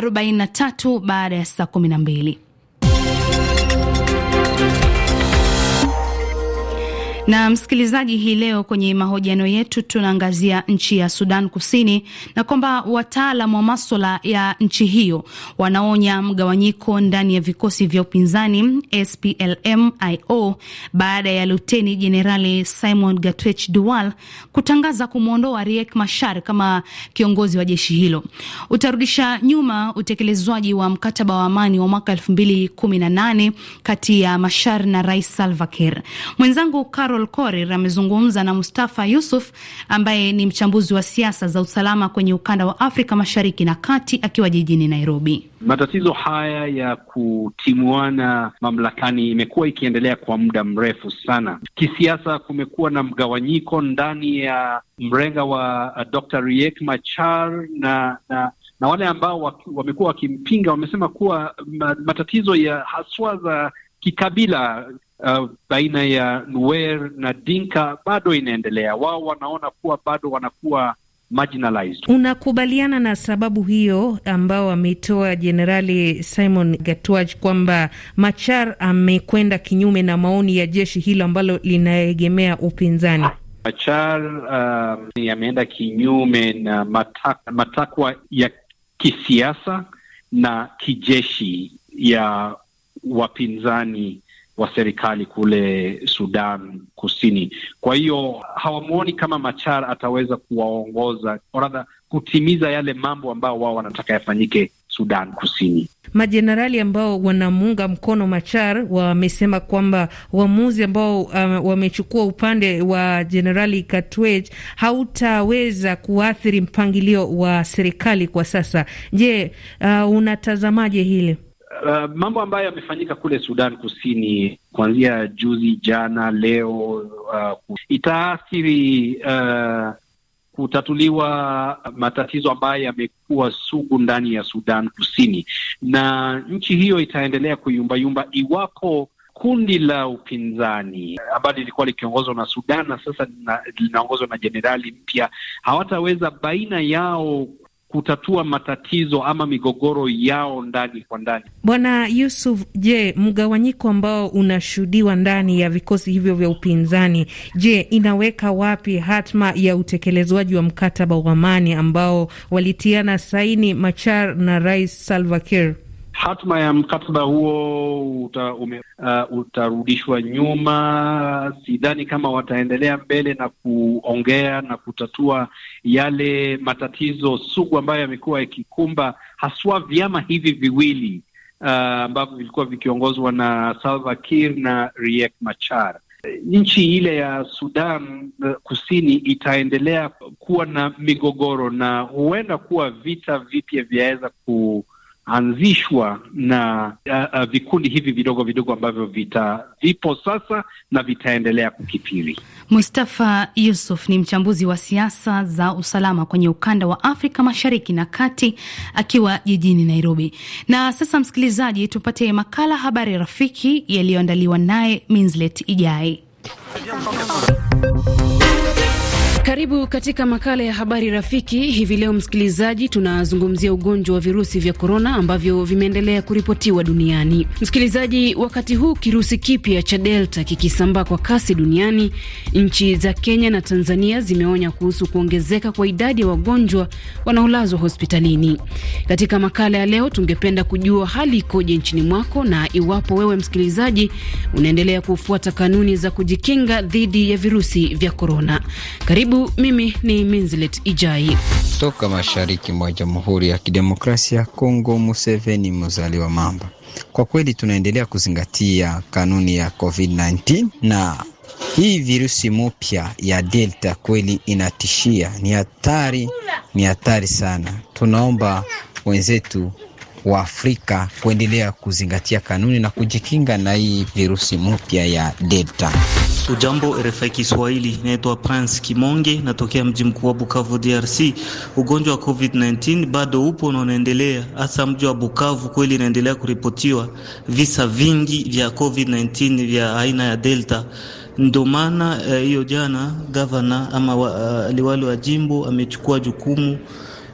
arobaini na tatu baada ya saa kumi na mbili. Na msikilizaji, hii leo kwenye mahojiano yetu tunaangazia nchi ya Sudan Kusini na kwamba wataalam wa maswala ya nchi hiyo wanaonya mgawanyiko ndani ya vikosi vya upinzani SPLM-IO baada ya Luteni Jenerali Simon Gatwech Dual kutangaza kumwondoa Riek Machar kama kiongozi wa jeshi hilo. Utarudisha nyuma utekelezwaji wa mkataba wa amani wa mwaka 2018 kati ya Machar na Rais Salva Kiir. Mwenzangu Carol Carol Korir amezungumza na Mustafa Yusuf ambaye ni mchambuzi wa siasa za usalama kwenye ukanda wa Afrika Mashariki na Kati akiwa jijini Nairobi. Matatizo haya ya kutimuana mamlakani imekuwa ikiendelea kwa muda mrefu sana. Kisiasa kumekuwa na mgawanyiko ndani ya mrenga wa uh, Dr. Riek Machar na, na na wale ambao wamekuwa wakimpinga wamesema kuwa uh, matatizo ya haswa za kikabila uh, baina ya Nuer na Dinka bado inaendelea. Wao wanaona kuwa bado wanakuwa marginalized. Unakubaliana na sababu hiyo ambao ametoa Jenerali Simon Gatuaj kwamba Machar amekwenda kinyume na maoni ya jeshi hilo ambalo linaegemea upinzani? Machar uh, um, yameenda kinyume na matakwa matakwa ya kisiasa na kijeshi ya wapinzani wa serikali kule Sudan Kusini. Kwa hiyo hawamwoni kama Machar ataweza kuwaongoza oradha kutimiza yale mambo ambayo wao wanataka yafanyike Sudan Kusini. Majenerali ambao wanamuunga mkono Machar wamesema kwamba uamuzi ambao um, wamechukua upande wa Jenerali Katwej hautaweza kuathiri mpangilio wa serikali kwa sasa. Je, uh, unatazamaje hili? uh, mambo ambayo yamefanyika kule Sudan Kusini kuanzia juzi, jana, leo uh, itaathiri uh, kutatuliwa matatizo ambayo yamekuwa sugu ndani ya Sudan Kusini, na nchi hiyo itaendelea kuyumbayumba iwapo kundi la upinzani ambalo lilikuwa likiongozwa na Sudan na sasa linaongozwa na jenerali mpya hawataweza baina yao kutatua matatizo ama migogoro yao ndani kwa ndani. Bwana Yusuf, je, mgawanyiko ambao unashuhudiwa ndani ya vikosi hivyo vya upinzani, je, inaweka wapi hatma ya utekelezwaji wa mkataba wa amani ambao walitiana saini Machar na Rais Salva Kiir? hatma ya mkataba huo uta, ume, uh, utarudishwa nyuma. Sidhani kama wataendelea mbele na kuongea na kutatua yale matatizo sugu ambayo yamekuwa yakikumba haswa vyama hivi viwili uh, ambavyo uh, vilikuwa vikiongozwa na Salva Kiir na Riek Machar. Nchi ile ya Sudan uh, Kusini itaendelea kuwa na migogoro na huenda kuwa vita vipya vyaweza ku zitaanzishwa na uh, uh, vikundi hivi vidogo vidogo ambavyo vita vipo sasa na vitaendelea kukithiri. Mustafa Yusuf ni mchambuzi wa siasa za usalama kwenye ukanda wa Afrika Mashariki na Kati akiwa jijini Nairobi. Na sasa, msikilizaji, tupate makala Habari Rafiki yaliyoandaliwa naye Minslet Ijai. Karibu katika makala ya habari rafiki. Hivi leo, msikilizaji, tunazungumzia ugonjwa wa virusi vya korona ambavyo vimeendelea kuripotiwa duniani. Msikilizaji, wakati huu kirusi kipya cha Delta kikisambaa kwa kasi duniani, nchi za Kenya na Tanzania zimeonya kuhusu kuongezeka kwa idadi ya wagonjwa wanaolazwa hospitalini. Katika makala ya leo, tungependa kujua hali ikoje nchini mwako na iwapo wewe msikilizaji unaendelea kufuata kanuni za kujikinga dhidi ya virusi vya korona. Karibu karibu, mimi ni Minzilet Ijai toka mashariki mwa Jamhuri ya Kidemokrasia ya Kongo. Museveni wa mamba, kwa kweli tunaendelea kuzingatia kanuni ya COVID-19 na hii virusi mupya ya Delta kweli inatishia, ni hatari, ni hatari sana. Tunaomba wenzetu wa Afrika kuendelea kuzingatia kanuni na kujikinga na hii virusi mupya ya Delta jambo RFI Kiswahili, naitwa Prince Kimonge, natokea mji mkuu wa Bukavu, DRC. Ugonjwa wa COVID-19 bado upo na unaendelea, hasa mji wa Bukavu kweli inaendelea kuripotiwa visa vingi vya COVID-19 vya aina ya Delta. Ndio maana eh, hiyo uh, jana gavana ama uh, liwali wa jimbo amechukua jukumu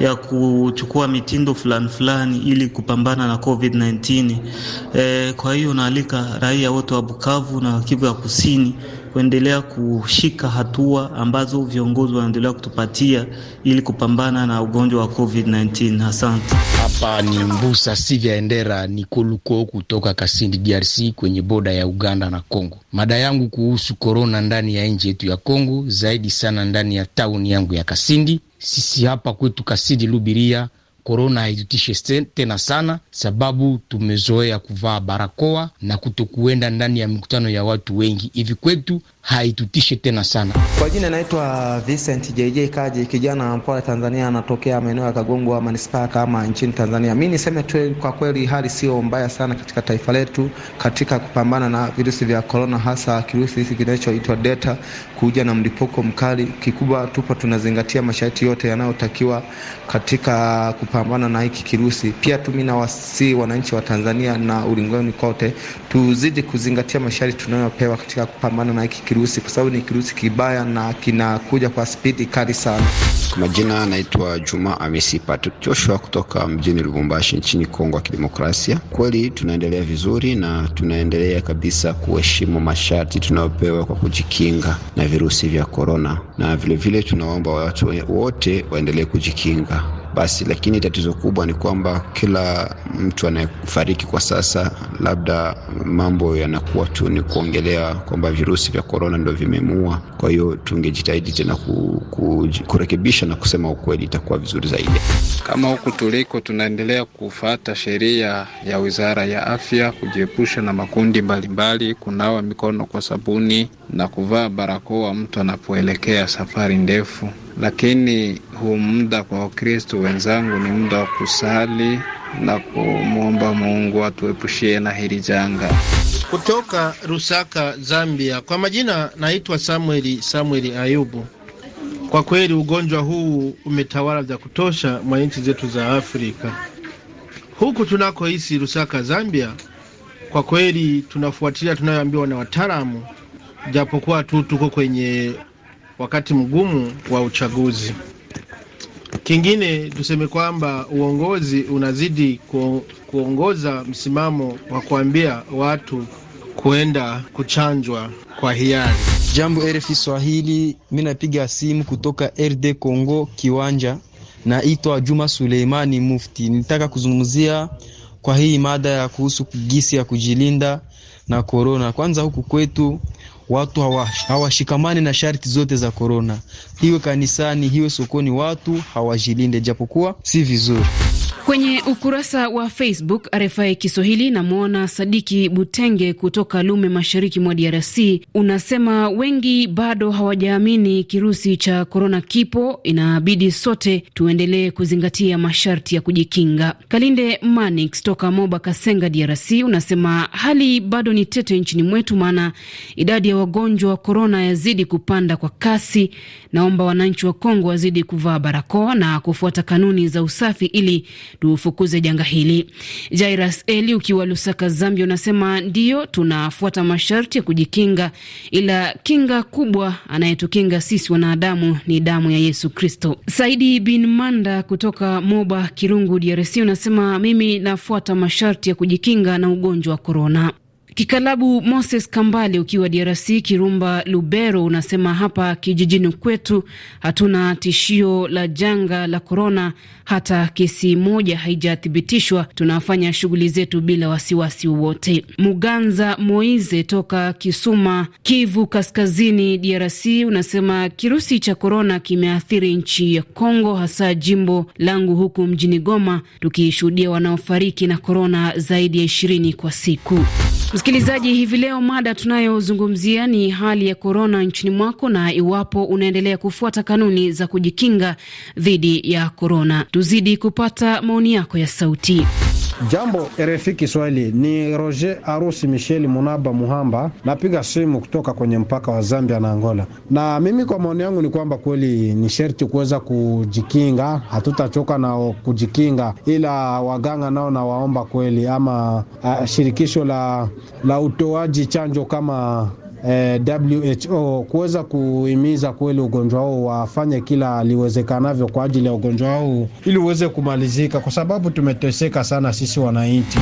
ya kuchukua mitindo fulani fulani ili kupambana na COVID-19. E, eh, kwa hiyo naalika raia wote wa Bukavu na Kivu ya Kusini kuendelea kushika hatua ambazo viongozi wanaendelea kutupatia ili kupambana na ugonjwa wa COVID-19. Asante. Hapa ni Mbusa Sivya Endera ni Koluko kutoka Kasindi, DRC, kwenye boda ya Uganda na Kongo. Mada yangu kuhusu korona ndani ya nchi yetu ya Kongo, zaidi sana ndani ya tauni yangu ya Kasindi. Sisi hapa kwetu Kasindi Lubiria korona haitutishe tena sana, sababu tumezoea kuvaa barakoa na kutokuenda ndani ya mikutano ya watu wengi. Hivi kwetu haitutishi tena sana. Kwa jina naitwa Vincent JJ Kaji, kijana mpora Tanzania, anatokea maeneo ya Kagongwa manispaa kama nchini Tanzania. Mi niseme tu kwa kweli, hali sio mbaya sana katika taifa letu katika kupambana na virusi vya korona, hasa kirusi hiki kinachoitwa delta kuja na mlipuko mkali. Kikubwa tupo tunazingatia masharti yote yanayotakiwa katika kupambana na hiki kirusi. Pia tu mi nawasii wananchi wa Tanzania na ulimwenguni kote tuzidi kuzingatia masharti tunayopewa katika kupambana na hiki kirusi, kwa sababu ni kirusi kibaya na kinakuja kwa spidi kali sana. Kwa majina anaitwa Juma Amisi Patrick Joshua kutoka mjini Lubumbashi nchini Kongo ya Kidemokrasia. Kweli tunaendelea vizuri na tunaendelea kabisa kuheshimu masharti tunayopewa kwa kujikinga na virusi vya korona, na vilevile tunaomba watu wote waendelee kujikinga basi. Lakini tatizo kubwa ni kwamba kila mtu anayefariki kwa sasa, labda mambo yanakuwa tu ni kuongelea kwamba virusi vya korona ndio vimemua Kwa hiyo tungejitahidi tena ku, ku, kurekebisha na kusema ukweli, itakuwa vizuri zaidi. Kama huku tuliko tunaendelea kufata sheria ya Wizara ya Afya, kujiepusha na makundi mbalimbali, kunawa mikono kwa sabuni na kuvaa barakoa mtu anapoelekea safari ndefu lakini huu muda kwa Wakristo wenzangu ni muda wa kusali na kumwomba Mungu atuepushie na hili janga. Kutoka rusaka Zambia. Kwa majina naitwa Samueli Samueli Ayubu. Kwa kweli ugonjwa huu umetawala vya kutosha mwa nchi zetu za Afrika. Huku tunakoishi rusaka Zambia, kwa kweli tunafuatilia tunayoambiwa na wataalamu, japokuwa tu tuko kwenye wakati mgumu wa uchaguzi. Kingine tuseme kwamba uongozi unazidi kuongoza msimamo wa kuambia watu kuenda kuchanjwa kwa hiari. Jambo RFI Swahili, mi napiga simu kutoka RD Congo kiwanja, naitwa Juma Suleimani Mufti. Nilitaka kuzungumzia kwa hii mada ya kuhusu gisi ya kujilinda na korona. Kwanza huku kwetu watu hawashikamani na sharti zote za korona, hiwe kanisani, hiwe sokoni, watu hawajilinde, japokuwa si vizuri. Kwenye ukurasa wa Facebook RFI Kiswahili, namwona Sadiki Butenge kutoka Lume, mashariki mwa DRC. Unasema wengi bado hawajaamini kirusi cha korona kipo, inabidi sote tuendelee kuzingatia masharti ya kujikinga. Kalinde Manix toka Moba Kasenga, DRC, unasema hali bado ni tete nchini mwetu, maana idadi ya wagonjwa wa korona yazidi kupanda kwa kasi. Naomba wananchi wa Kongo wazidi kuvaa barakoa na kufuata kanuni za usafi ili tufukuze janga hili. Jairas Eli ukiwa Lusaka, Zambia, unasema ndiyo, tunafuata masharti ya kujikinga, ila kinga kubwa anayetukinga sisi wanadamu ni damu ya Yesu Kristo. Saidi bin Manda kutoka Moba Kirungu, DRC, unasema mimi nafuata masharti ya kujikinga na ugonjwa wa korona. Kikalabu Moses Kambale, ukiwa DRC Kirumba Lubero, unasema hapa kijijini kwetu hatuna tishio la janga la korona, hata kesi moja haijathibitishwa. Tunafanya shughuli zetu bila wasiwasi wowote. Muganza Moize toka Kisuma, Kivu Kaskazini, DRC, unasema kirusi cha korona kimeathiri nchi ya Kongo, hasa jimbo langu huku mjini Goma, tukishuhudia wanaofariki na korona zaidi ya ishirini kwa siku. Msikilizaji, hivi leo mada tunayozungumzia ni hali ya korona nchini mwako na iwapo unaendelea kufuata kanuni za kujikinga dhidi ya korona. Tuzidi kupata maoni yako ya sauti. Jambo RFI Kiswahili, ni Roger Arusi Michel Munaba Muhamba, napiga simu kutoka kwenye mpaka wa Zambia na Angola. Na mimi kwa maoni yangu ni kwamba kweli ni sherti kuweza kujikinga, hatutachoka na kujikinga, ila waganga nao nawaomba kweli, ama uh, shirikisho la, la utoaji chanjo kama eh, WHO kuweza kuhimiza kweli ugonjwa huu, wafanye kila aliwezekanavyo kwa ajili ya ugonjwa huu ili uweze kumalizika, kwa sababu tumeteseka sana sisi wananchi.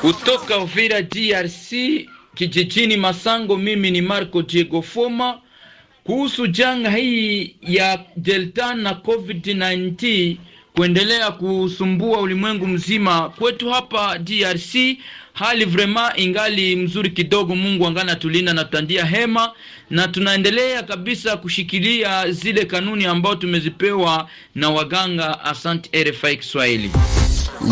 Kutoka Uvira DRC kijijini Masango, mimi ni Marco Diego Foma. Kuhusu janga hii ya Delta na COVID-19 kuendelea kusumbua ulimwengu mzima, kwetu hapa DRC hali vrema ingali mzuri kidogo. Mungu angana tulinda na tutandia hema, na tunaendelea kabisa kushikilia zile kanuni ambao tumezipewa na waganga. Asante RFI Kiswahili.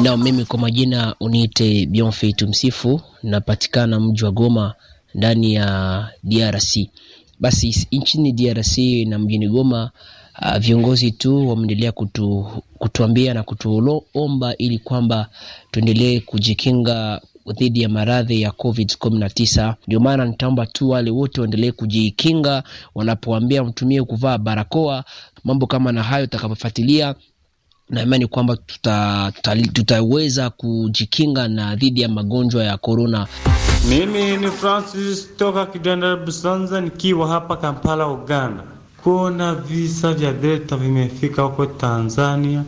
Na mimi kwa majina uniite Bionfait Tumsifu, napatikana mji wa Goma ndani ya DRC. Basi nchini DRC na mjini Goma, uh, viongozi tu wameendelea kutu, kutuambia na kutuomba ili kwamba tuendelee kujikinga dhidi ya maradhi ya COVID-19. Ndio maana nitaomba tu wale wote waendelee kujikinga, wanapoambia mtumie kuvaa barakoa, mambo kama na hayo utakapofuatilia na imani kwamba tuta, tutaweza kujikinga na dhidi ya magonjwa ya korona. Mimi ni Francis toka Kidanda Busanza, nikiwa hapa Kampala, Uganda. Kuona visa vya delta vimefika huko Tanzania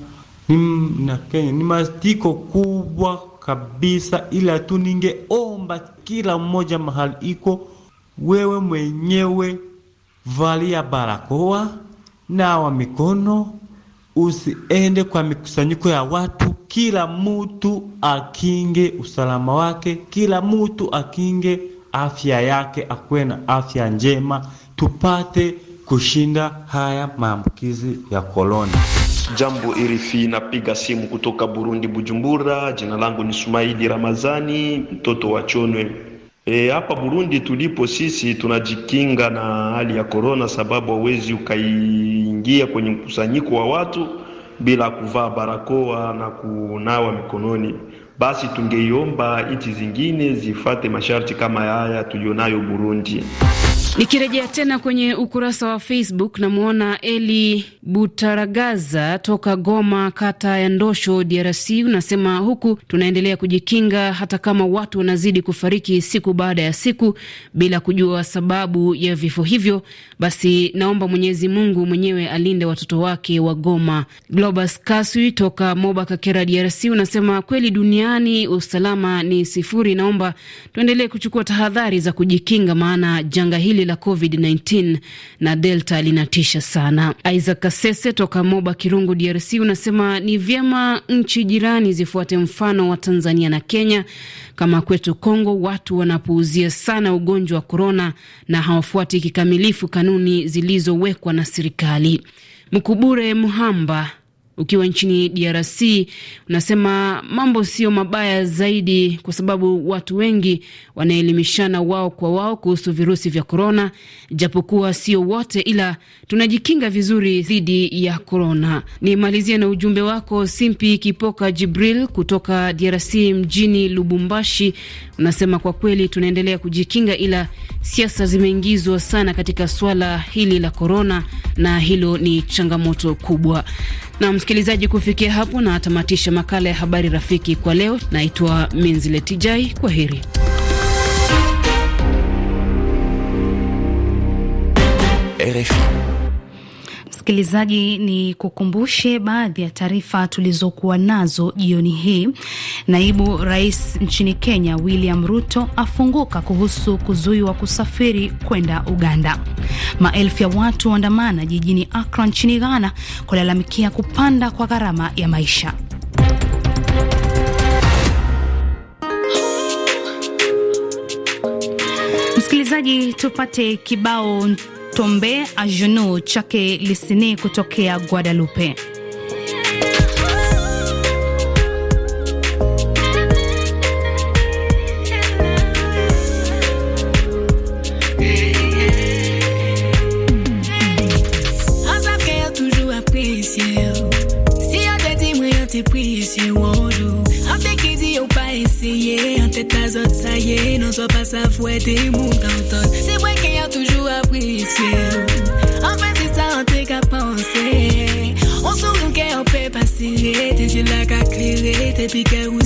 ni, na Kenya ni mastiko kubwa kabisa, ila tu ningeomba kila mmoja mahali iko, wewe mwenyewe valia barakoa, nawa mikono, usiende kwa mikusanyiko ya watu. Kila mutu akinge usalama wake, kila mutu akinge afya yake, akuwe na afya njema, tupate kushinda haya maambukizi ya korona. Jambo irifi napiga simu kutoka Burundi, Bujumbura. Jina langu ni Sumaili Ramazani, mtoto wa Chonwe. E, hapa Burundi tulipo sisi tunajikinga na hali ya korona, sababu hauwezi ukaingia kwenye mkusanyiko wa watu bila kuvaa barakoa na kunawa mikononi. Basi tungeiomba nchi zingine zifate masharti kama haya tulionayo Burundi. Nikirejea tena kwenye ukurasa wa Facebook, namwona Eli Butaragaza toka Goma, kata ya Ndosho, DRC. Unasema huku tunaendelea kujikinga hata kama watu wanazidi kufariki siku baada ya siku bila kujua sababu ya vifo hivyo, basi naomba Mwenyezi Mungu mwenyewe alinde watoto wake wa Goma. Globas Kaswi toka Moba Kakera, DRC unasema kweli duniani usalama ni sifuri, naomba tuendelee kuchukua tahadhari za kujikinga, maana janga hili hili la COVID-19 na Delta linatisha sana. Isaac Kasese toka Moba Kirungu, DRC, unasema ni vyema nchi jirani zifuate mfano wa Tanzania na Kenya. Kama kwetu Kongo, watu wanapuuzia sana ugonjwa wa korona na hawafuati kikamilifu kanuni zilizowekwa na serikali. Mkubure Muhamba ukiwa nchini DRC unasema mambo sio mabaya zaidi, kwa sababu watu wengi wanaelimishana wao kwa wao kuhusu virusi vya korona, japokuwa sio wote, ila tunajikinga vizuri dhidi ya korona. Nimalizie na ujumbe wako Simpi Kipoka Jibril kutoka DRC mjini Lubumbashi, unasema kwa kweli tunaendelea kujikinga, ila siasa zimeingizwa sana katika swala hili la korona, na hilo ni changamoto kubwa. Na msikilizaji, kufikia hapo na atamatisha makala ya habari rafiki kwa leo. Naitwa Minziletijai, kwa heri. RFI. Msikilizaji, ni kukumbushe baadhi ya taarifa tulizokuwa nazo jioni hii. Naibu rais nchini Kenya William Ruto afunguka kuhusu kuzuiwa kusafiri kwenda Uganda. Maelfu ya watu waandamana jijini Akra nchini Ghana kulalamikia kupanda kwa gharama ya maisha. Msikilizaji, tupate kibao Tombe a chake Lisini kutokea Guadalupe. baby girl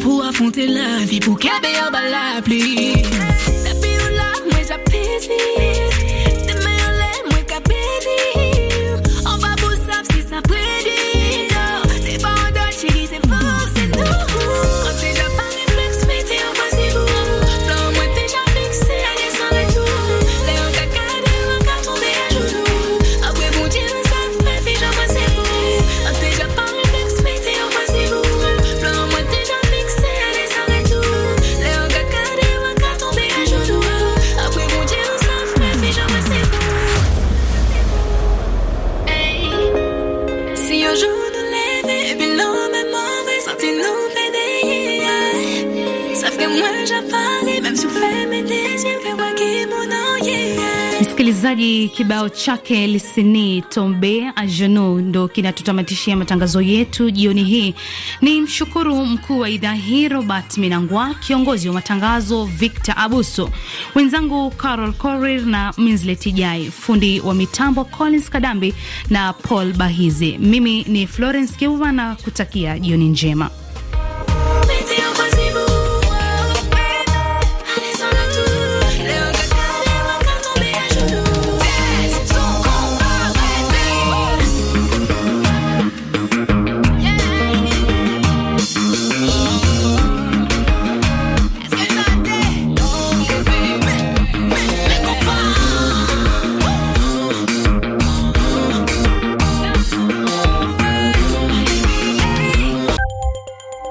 pour affronter la vie, pour qu'elle la pluie. Tapi ou là, moi j'apprécie. Msikilizaji, kibao chake lisini tombe ajenu ndo kinatutamatishia matangazo yetu jioni hii. Ni mshukuru mkuu wa idhaa hii Robert Minangwa, kiongozi wa matangazo Victor Abuso, wenzangu Carol Corir na Minslet Jai, fundi wa mitambo Collins Kadambi na Paul Bahizi. Mimi ni Florence Kiuva na kutakia jioni njema.